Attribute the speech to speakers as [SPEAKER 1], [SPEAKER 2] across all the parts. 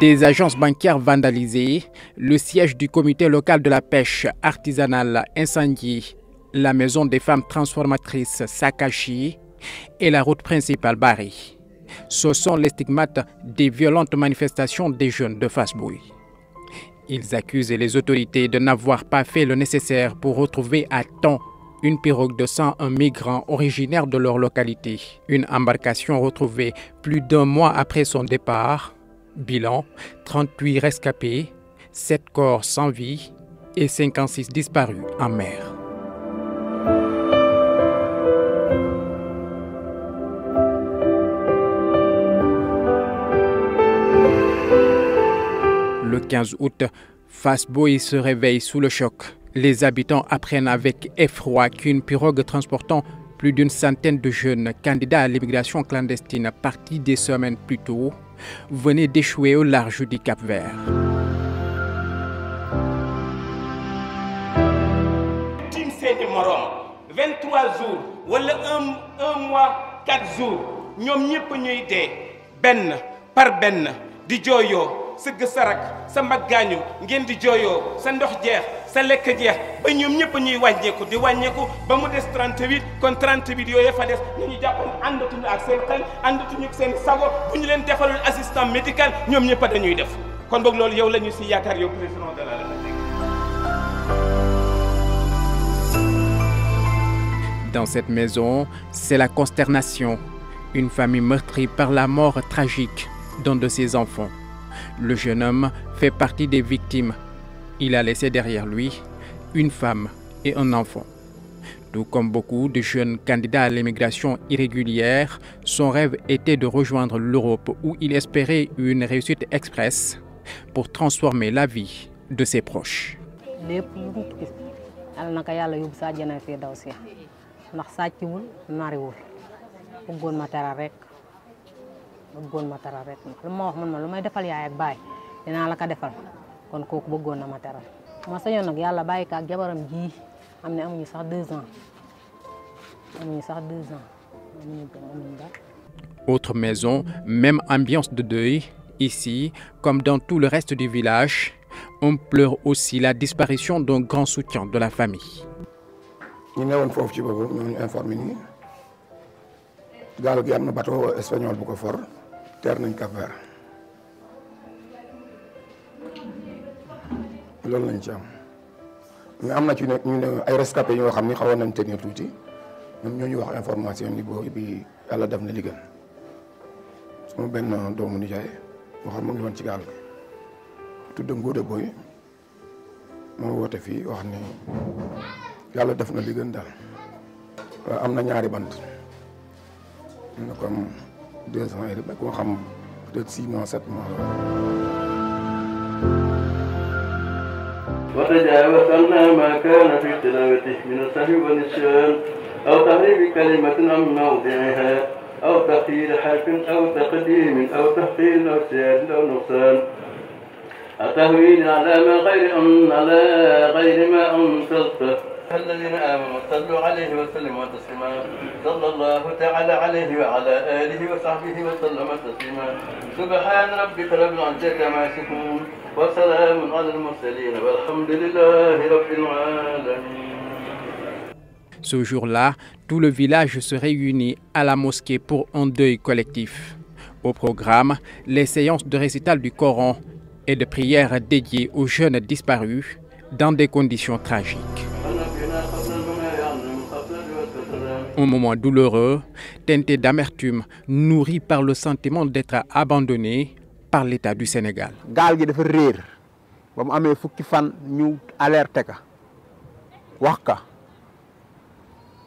[SPEAKER 1] Des agences bancaires vandalisées, le siège du comité local de la pêche artisanale incendié, la maison des femmes transformatrices Sakashi et la route principale Bari. Ce sont les stigmates des violentes manifestations des jeunes de Fasbouy. Ils accusent les autorités de n'avoir pas fait le nécessaire pour retrouver à temps une pirogue de 101 migrants originaires de leur localité. Une embarcation retrouvée plus d'un mois après son départ Bilan 38 rescapés, 7 corps sans vie et disparus en mer. Le 15 août, Fasboy se réveille sous le choc. Les habitants apprennent avec effroi qu'une pirogue transportant Plus d'une centaine de jeunes candidats à l'immigration clandestine partis des semaines plus tôt venaient d'échouer au large du Cap Vert.
[SPEAKER 2] Tim seeni moroom 23 jours un un mois 4 jours ñoom ñëpp ñuy dee benn par benn di jooyoo. sëgg sarak sa mag gaañu ngeen di jooyoo sa ndox jeex sa lekk jeex ba ñoom ñëpp ñuy wàññeeku di wàññeeku ba mu des 38 kon 38 yooyu fa des ñu ñu jàppoon àndatuñu ak seen xel àndatuñu ak seen sago bu ñu leen defalul assistant médical ñoom ñëpp dañuy def kon boog loolu yow la ñu si yaakaar yow président de la République.
[SPEAKER 1] Dans cette maison, c'est la consternation. Une famille meurtrie par la mort tragique d'un de ses enfants. Le jeune homme fait partie des victimes. Il a laissé derrière lui une femme et un enfant. Tout comme beaucoup de jeunes candidats à l'immigration irrégulière, son rêve était de rejoindre l'Europe où il espérait une réussite express pour transformer la vie de ses proches.
[SPEAKER 2] bëggoon ma bëggoon ma teral lu ma wax man ma lu may defal yaay baay dinaa la ko defal kon kooku bëggoon na ma teral ma sañoon nag yàlla bàyyi ko ak jabaram ji am ne amuñu sax deux ans amuñu sax ans amuñu
[SPEAKER 1] amuñu dara. Autre maison, même ambiance de deuil. Ici, comme dans tout le reste du village, on pleure aussi la disparition d'un grand soutien de la famille.
[SPEAKER 2] ñu ne woon foofu ci boobu ñoo ñu informé gaal gi am na bateau espagnol bu for. teer nañ Cap Vert loolu lañ ci am mais am na ci ne ñu ne ay rescapés yoo xam ni xawoon nañ tenir tuuti ñoom ñoo ñu wax information ni boobu bi yàlla def na li gën sama benn doomu nijaay boo xam mu ngi woon ci gaal gi tudd Ngouda Boy moo woote fii wax ni yàlla def na li gën daal waaw am na ñaari bant ñu ne comme deux ans et demi koo xam peut-être six mois sept mois la. وتجاوز عنا ما كان في تلاوته من السهو والنسيان أو تغيير كلمة عن موضعها أو تغيير حرف أو تقديم أو تحقير أو زيادة أو نقصان التهويل على ما غير على
[SPEAKER 1] غير ما أنزلته الذين آمنوا Ce jour-là, tout le village se réunit à la mosquée pour un deuil collectif. Au programme, les séances de récital du Coran et de prières dédiées aux jeunes disparus dans des conditions tragiques. Un moment douloureux, teinté d'amertume, nourri par le sentiment d'être abandonné par l'État du Sénégal.
[SPEAKER 2] gaal gi dafa réer ba mu amee fukki fan ñu alerté ka wax ka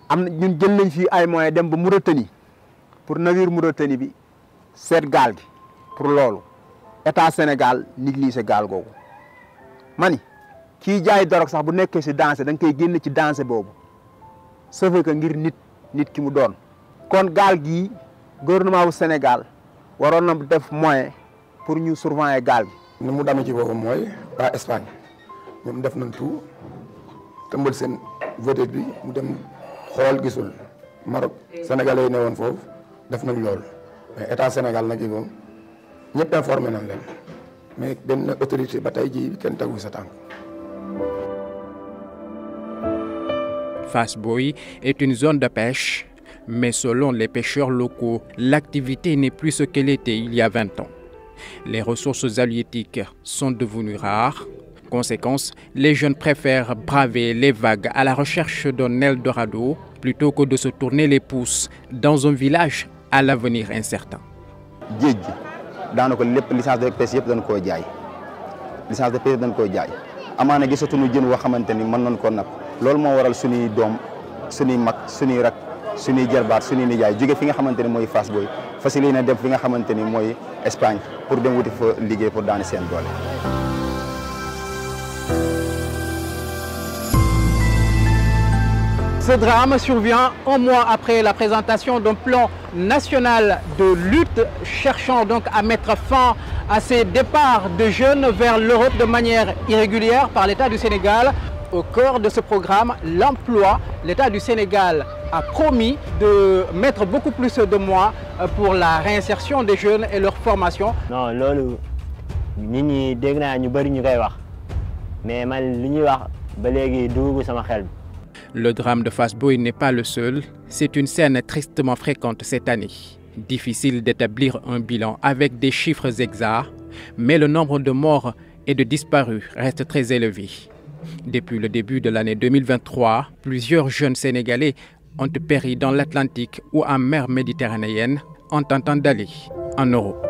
[SPEAKER 2] am na ñun jël nañ fii ay moyens dem ba Mauritanie pour navire Mauritanie bi seet gaal gi pour loolu état Sénégal négligé gaal googu ma ni kii jaay dorog sax bu nekkee si dansé da nga koy génn ci dansé boobu sauf que ngir nit nit ki mu doon kon gaal gi gouvernement bu Sénégal waroon na def moyen pour ñu surveiller gaal gi ni mu dame ci boobu mooy waa Espagne ñoom def nañ tout tëmbal seen vedette bi mu dem xool gisul Maroc sénégalais yi ne woon foofu def nañ loolu mais état Sénégal nag yi moom ñëpp informé nañ leen mais benn autorité ba tey jii kenn tegu sa tànk
[SPEAKER 1] Fass Boye est une zone de pêche, mais selon les pêcheurs locaux, l'activité n'est plus ce qu'elle était il y a 20 ans. Les ressources halieutiques sont devenues rares. Conséquence, les jeunes préfèrent braver les vagues à la recherche d'un Eldorado plutôt que de se tourner les pouces dans un village à l'avenir incertain. géej gi
[SPEAKER 2] daanaka lépp licence yëpp dañ koo jaay licence de pêche amaana gisatuñu jën woo xamante ni mën nañ koo napp loolu moo waral suñuy doom suñuy mag suñuy rak suñuy jarbaat suñuy nijaay jóge fi nga xamante ni mooy Fass Boye fas yéene dem fi nga xamante ni mooy Espagne pour dem wuti fa liggéey pour daani seen doole
[SPEAKER 1] Ce drame survient un mois après la présentation d'un plan national de lutte cherchant donc à mettre fin à ces départs de jeunes vers l'Europe de manière irrégulière par l'État du Sénégal. Au cœur de ce programme, l'emploi, l'État du Sénégal a promis de mettre beaucoup plus de mois pour la réinsertion des jeunes et leur formation. Non, lolu nit ñi dégg naa ñu bëri ñu koy wax mais man li ñuy wax ba léegi dugg sama xel bi Le drame de Fass Boye n'est pas le seul, c'est une scène tristement fréquente cette année. Difficile d'établir un bilan avec des chiffres exacts, mais le nombre de morts et de disparus reste très élevé. Depuis le début de l'année 2023, plusieurs jeunes Sénégalais ont péri dans l'Atlantique ou en mer Méditerranéenne en tentant d'aller en Europe.